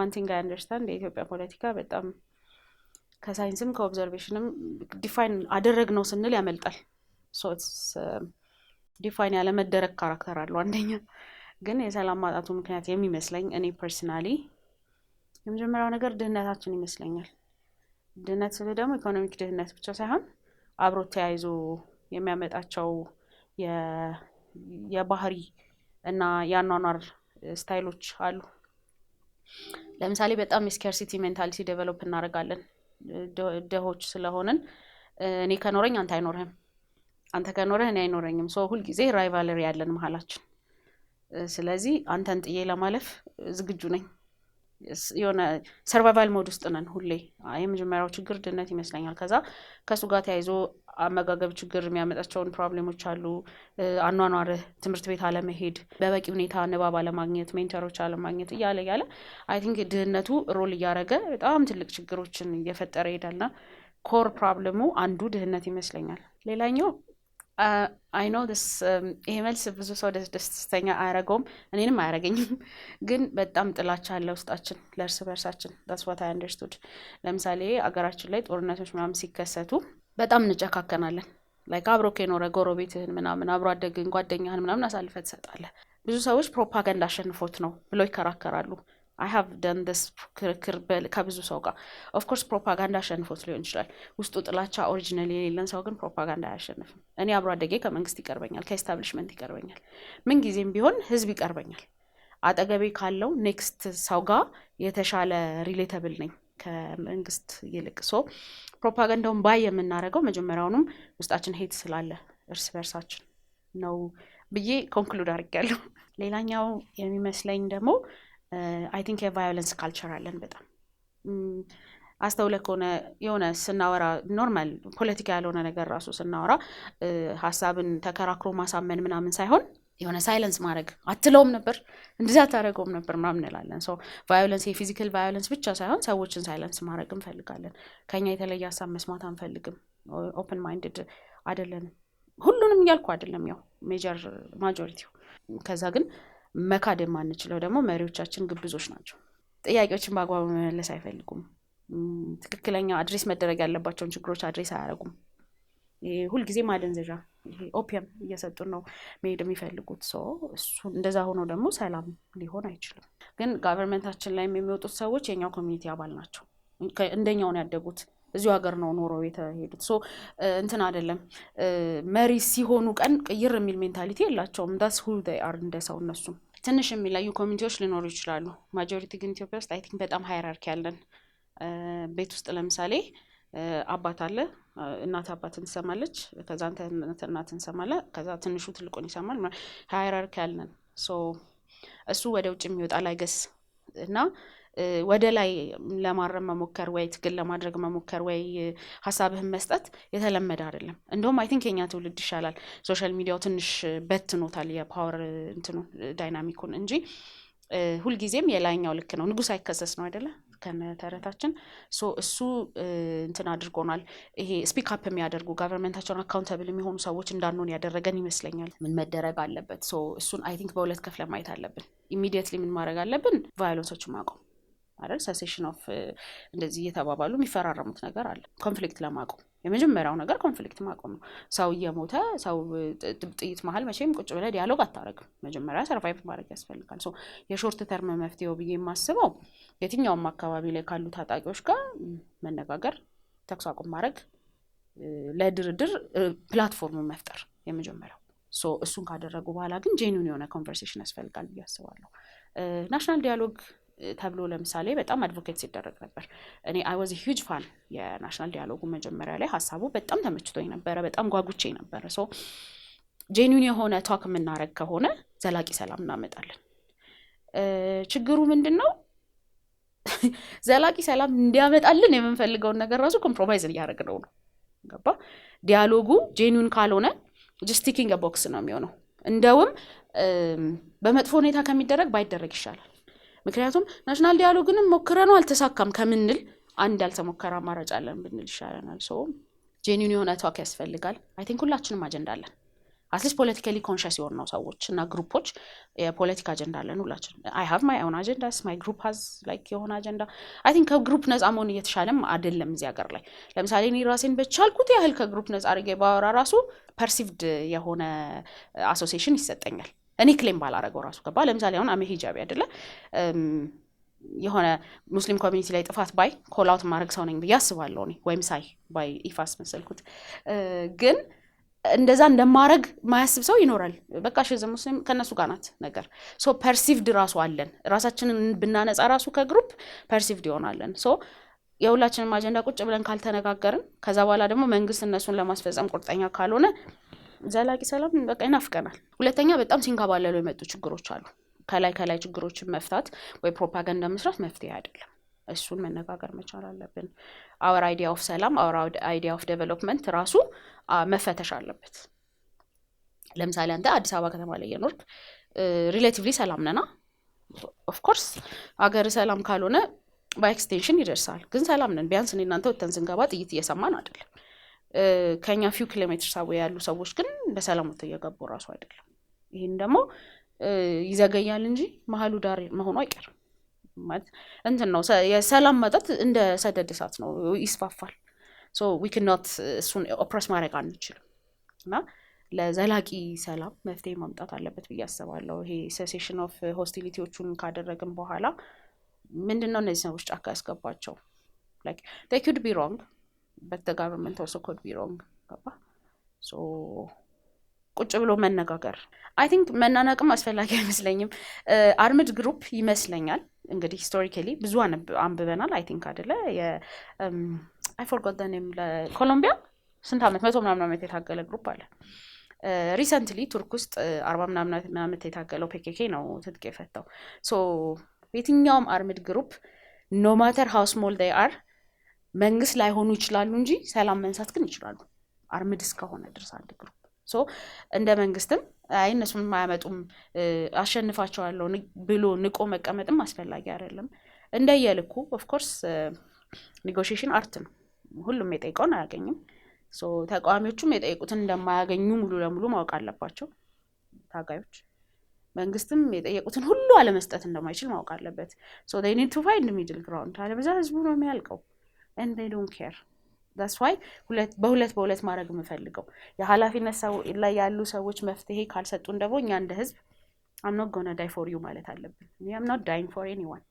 ዋን ቲንግ አይ አንደርስታንድ የኢትዮጵያ ፖለቲካ በጣም ከሳይንስም ከኦብዘርቬሽንም ዲፋይን አደረግ ነው ስንል ያመልጣል። ዲፋይን um, ያለመደረግ ካራክተር አለው። አንደኛ ግን የሰላም ማጣቱ ምክንያት የሚመስለኝ እኔ ፐርስናሊ የመጀመሪያው ነገር ድህነታችን ይመስለኛል። ድህነት ስል ደግሞ ኢኮኖሚክ ድህነት ብቻ ሳይሆን አብሮ ተያይዞ የሚያመጣቸው የባህሪ እና የአኗኗር ስታይሎች አሉ። ለምሳሌ በጣም የስኬርሲቲ ሜንታሊቲ ዴቨሎፕ እናደርጋለን። ደሆች ስለሆንን እኔ ከኖረኝ አንተ አይኖርህም፣ አንተ ከኖረህ እኔ አይኖረኝም። ሰው ሁልጊዜ ራይቫለሪ ያለን መሀላችን። ስለዚህ አንተን ጥዬ ለማለፍ ዝግጁ ነኝ። የሆነ ሰርቫይቫል ሞድ ውስጥ ነን ሁሌ። የመጀመሪያው ችግር ድህነት ይመስለኛል። ከዛ ከእሱ ጋር ተያይዞ አመጋገብ ችግር የሚያመጣቸውን ፕሮብሌሞች አሉ። አኗኗርህ፣ ትምህርት ቤት አለመሄድ፣ በበቂ ሁኔታ ንባብ አለማግኘት፣ ሜንተሮች አለማግኘት እያለ እያለ አይ ቲንክ ድህነቱ ሮል እያደረገ በጣም ትልቅ ችግሮችን እየፈጠረ ይሄዳልና ኮር ፕሮብለሙ አንዱ ድህነት ይመስለኛል። ሌላኛው አይኖ ይሄ መልስ ብዙ ሰው ደስተኛ አያረገውም፣ እኔንም አያረገኝም። ግን በጣም ጥላቻ አለ ውስጣችን ለእርስ በርሳችን ዳስዋት አንደርስቱድ። ለምሳሌ አገራችን ላይ ጦርነቶች ምናምን ሲከሰቱ በጣም እንጨካከናለን። ላይክ አብሮ ከኖረ ጎረቤትህን ምናምን አብሮ አደግን ጓደኛህን ምናምን አሳልፈ ትሰጣለህ። ብዙ ሰዎች ፕሮፓጋንዳ አሸንፎት ነው ብለው ይከራከራሉ። አይ ሀቭ ደን ስ ክርክር ከብዙ ሰው ጋር ኦፍኮርስ ፕሮፓጋንዳ አሸንፎት ሊሆን ይችላል። ውስጡ ጥላቻ ኦሪጂናል የሌለን ሰው ግን ፕሮፓጋንዳ አያሸንፍም። እኔ አብሮ አደጌ ከመንግስት ይቀርበኛል፣ ከኤስታብሊሽመንት ይቀርበኛል፣ ምንጊዜም ቢሆን ህዝብ ይቀርበኛል። አጠገቤ ካለው ኔክስት ሰው ጋር የተሻለ ሪሌተብል ነኝ ከመንግስት ይልቅ። ሶ ፕሮፓጋንዳውን ባይ የምናደርገው መጀመሪያውኑም ውስጣችን ሄት ስላለ እርስ በርሳችን ነው ብዬ ኮንክሉድ አድርጌያለሁ። ሌላኛው የሚመስለኝ ደግሞ አይ ቲንክ የቫዮለንስ ካልቸር አለን በጣም አስተውለ ከሆነ የሆነ ስናወራ ኖርማል ፖለቲካ ያልሆነ ነገር ራሱ ስናወራ ሀሳብን ተከራክሮ ማሳመን ምናምን ሳይሆን የሆነ ሳይለንስ ማድረግ አትለውም ነበር እንደዚያ አታደረገውም ነበር ምናምን እንላለን። ሰው ቫዮለንስ የፊዚካል ቫዮለንስ ብቻ ሳይሆን ሰዎችን ሳይለንስ ማድረግ እንፈልጋለን። ከኛ የተለየ ሀሳብ መስማት አንፈልግም። ኦፕን ማይንድድ አይደለንም። ሁሉንም እያልኩ አይደለም፣ ያው ሜጀር ማጆሪቲው። ከዛ ግን መካድ የማንችለው ደግሞ መሪዎቻችን ግብዞች ናቸው። ጥያቄዎችን በአግባቡ መመለስ አይፈልጉም። ትክክለኛ አድሬስ መደረግ ያለባቸውን ችግሮች አድሬስ አያደርጉም። ሁልጊዜ ማደንዘዣ ኦፒየም እየሰጡ ነው መሄድ የሚፈልጉት ሰው እሱ እንደዛ ሆኖ ደግሞ ሰላም ሊሆን አይችልም። ግን ጋቨርንመንታችን ላይም የሚወጡት ሰዎች የኛው ኮሚኒቲ አባል ናቸው። እንደኛውን ያደጉት እዚሁ ሀገር ነው ኖረው የተሄዱት። ሶ እንትን አይደለም መሪ ሲሆኑ ቀን ቅይር የሚል ሜንታሊቲ የላቸውም። ዳስ ሁ አር እንደ ሰው እነሱም ትንሽ የሚለዩ ኮሚኒቲዎች ሊኖሩ ይችላሉ። ማጆሪቲ ግን ኢትዮጵያ ውስጥ አይ ቲንክ በጣም ሃይራርኪ ያለን ቤት ውስጥ ለምሳሌ አባት አለ፣ እናት አባትን ትሰማለች፣ ከዛ አንተ እናት እንሰማለ፣ ከዛ ትንሹ ትልቁን ይሰማል። ሃይራርኪ ያለን እሱ ወደ ውጭ የሚወጣ ላይገስ እና ወደ ላይ ለማረም መሞከር ወይ ትግል ለማድረግ መሞከር ወይ ሀሳብህን መስጠት የተለመደ አይደለም። እንደውም አይ ቲንክ የኛ ትውልድ ይሻላል። ሶሻል ሚዲያው ትንሽ በትኖታል የፓወር እንትኑ ዳይናሚኩን እንጂ ሁልጊዜም የላይኛው ልክ ነው። ንጉስ አይከሰስ ነው አይደለ? ከነተረታችን እሱ እንትን አድርጎናል። ይሄ ስፒክ አፕ የሚያደርጉ ጋቨርንመንታቸውን አካውንተብል የሚሆኑ ሰዎች እንዳንሆን ያደረገን ይመስለኛል። ምን መደረግ አለበት? እሱን አይ ቲንክ በሁለት ከፍለ ማየት አለብን። ኢሚዲየትሊ ምን ማድረግ አለብን? ቫዮለንሶችን ማቆም አይደል ሰሴሽን ኦፍ እንደዚህ እየተባባሉ የሚፈራረሙት ነገር አለ። ኮንፍሊክት ለማቆም የመጀመሪያው ነገር ኮንፍሊክት ማቆም ነው። ሰው እየሞተ ሰው ጥይት መሀል መቼም ቁጭ ብለህ ዲያሎግ አታረግም። መጀመሪያ ሰርቫይቭ ማድረግ ያስፈልጋል። ሶ የሾርት ተርም መፍትሄው ብዬ የማስበው የትኛውም አካባቢ ላይ ካሉ ታጣቂዎች ጋር መነጋገር፣ ተኩስ አቁም ማድረግ፣ ለድርድር ፕላትፎርም መፍጠር የመጀመሪያው ሶ እሱን ካደረጉ በኋላ ግን ጄኒን የሆነ ኮንቨርሴሽን ያስፈልጋል ብዬ አስባለሁ። ናሽናል ዲያሎግ ተብሎ ለምሳሌ በጣም አድቮኬት ሲደረግ ነበር። እኔ አይ ዋዝ ሂውጅ ፋን የናሽናል ዲያሎጉ መጀመሪያ ላይ ሀሳቡ በጣም ተመችቶኝ ነበረ። በጣም ጓጉቼ ነበረ። ሶ ጄኒን የሆነ ቷክ የምናደረግ ከሆነ ዘላቂ ሰላም እናመጣለን። ችግሩ ምንድን ነው? ዘላቂ ሰላም እንዲያመጣልን የምንፈልገውን ነገር ራሱ ኮምፕሮማይዝ እያደረግነው ነው። ገባ? ዲያሎጉ ጄኒን ካልሆነ ጀስት ቦክስ ነው የሚሆነው። እንደውም በመጥፎ ሁኔታ ከሚደረግ ባይደረግ ይሻላል። ምክንያቱም ናሽናል ዲያሎግንም ሞክረነው አልተሳካም ከምንል አንድ ያልተሞከረ አማራጭ አለን ብንል ይሻለናል። ሰው ጄኒን የሆነ ታክ ያስፈልጋል። አይ ቲንክ ሁላችንም አጀንዳ አለን። አትሊስት ፖለቲካሊ ኮንሽስ የሆን ነው ሰዎች እና ግሩፖች የፖለቲካ አጀንዳ አለን ሁላችን። አይ ሀቭ ማይ ኦን አጀንዳ ማይ ግሩፕ ሀዝ ላይክ የሆነ አጀንዳ። አይ ቲንክ ከግሩፕ ነፃ መሆን እየተሻለም አይደለም እዚህ ሀገር ላይ። ለምሳሌ እኔ ራሴን በቻልኩት ያህል ከግሩፕ ነፃ አድርጌ ባወራ ራሱ ፐርሲቭድ የሆነ አሶሲሽን ይሰጠኛል። እኔ ክሌም ባላረገው ራሱ ገባ። ለምሳሌ አሁን አሜ ሂጃቢ አይደለ የሆነ ሙስሊም ኮሚኒቲ ላይ ጥፋት ባይ ኮላውት ማድረግ ሰው ነኝ ብዬ አስባለሁ እኔ ወይም ሳይ ባይ ኢፋስ መሰልኩት ግን እንደዛ እንደማረግ ማያስብ ሰው ይኖራል። በቃ ሽዘ ሙስሊም ከእነሱ ጋር ናት ነገር ሶ ፐርሲቭድ ራሱ አለን። ራሳችንን ብናነጻ ራሱ ከግሩፕ ፐርሲቭድ ይሆናለን። ሶ የሁላችንም አጀንዳ ቁጭ ብለን ካልተነጋገርን ከዛ በኋላ ደግሞ መንግስት እነሱን ለማስፈጸም ቁርጠኛ ካልሆነ ዘላቂ ሰላም በቃ ይናፍቀናል። ሁለተኛ በጣም ሲንከባለሉ የመጡ ችግሮች አሉ። ከላይ ከላይ ችግሮችን መፍታት ወይ ፕሮፓጋንዳ መስራት መፍትሄ አይደለም። እሱን መነጋገር መቻል አለብን። አወር አይዲያ ኦፍ ሰላም አወር አይዲያ ኦፍ ዴቨሎፕመንት ራሱ መፈተሽ አለበት። ለምሳሌ አንተ አዲስ አበባ ከተማ ላይ የኖርክ ሪሌቲቭሊ ሰላም ነና፣ ኦፍኮርስ አገር ሰላም ካልሆነ ኤክስቴንሽን ይደርሳል። ግን ሰላም ነን። ቢያንስ እኔ እናንተ ወተን ስንገባ ጥይት እየሰማን አይደለም። ከኛ ፊው ኪሎ ሜትር ሳቦ ያሉ ሰዎች ግን በሰላም ወጥተው እየገቡ እራሱ አይደለም። ይህን ደግሞ ይዘገያል እንጂ መሀሉ ዳር መሆኑ አይቀርም። ማለት እንትን ነው የሰላም መጠጥ እንደ ሰደድ እሳት ነው፣ ይስፋፋል። ዊክናት እሱን ኦፕረስ ማድረግ አንችልም እና ለዘላቂ ሰላም መፍትሄ ማምጣት አለበት ብዬ አስባለሁ። ይሄ ሴሴሽን ኦፍ ሆስቲሊቲዎቹን ካደረግን በኋላ ምንድን ነው እነዚህ ሰዎች ጫካ ያስገባቸው ላይክ ቢ ሮንግ but the government also could be wrong ገባ ሶ ቁጭ ብሎ መነጋገር አይ ቲንክ መናናቅም አስፈላጊ አይመስለኝም። አርምድ ግሩፕ ይመስለኛል እንግዲህ ሂስቶሪካሊ ብዙ አንብበናል። አይ ቲንክ አደለ አይ ፎርጎት ኔም ለኮሎምቢያ ስንት ዓመት መቶ ምናምን ዓመት የታገለ ግሩፕ አለ። ሪሰንትሊ ቱርክ ውስጥ አርባ ምናምን ዓመት የታገለው ፔኬኬ ነው ትጥቅ የፈታው። ሶ የትኛውም አርምድ ግሩፕ ኖ ማተር ሃው ስሞል አር መንግስት ላይሆኑ ይችላሉ እንጂ ሰላም መንሳት ግን ይችላሉ። አርምድ እስከሆነ ድረስ አንድ ግሩፕ እንደ መንግስትም አይ እነሱን አያመጡም አሸንፋቸዋለሁ ብሎ ንቆ መቀመጥም አስፈላጊ አይደለም። እንደየልኩ ኦፍኮርስ ኔጎሽሽን አርት ነው። ሁሉም የጠይቀውን አያገኝም። ተቃዋሚዎቹም የጠየቁትን እንደማያገኙ ሙሉ ለሙሉ ማወቅ አለባቸው። ታጋዮች መንግስትም የጠየቁትን ሁሉ አለመስጠት እንደማይችል ማወቅ አለበት። ኒድ ቱ ፋይንድ ሚድል ግራውንድ፣ አለበዛ ህዝቡ ነው የሚያልቀው። ኤንድ ዴይ ዶንት ኬር ዳስ ዋይ በሁለት በሁለት ማድረግ የምፈልገው የኃላፊነት ላይ ያሉ ሰዎች መፍትሄ ካልሰጡን ደግሞ እኛ እንደ ህዝብ አምኖት ጎነ ዳይ ፎር ዩ ማለት አለብን። አምኖት ዳይንግ ፎር ኤኒዋን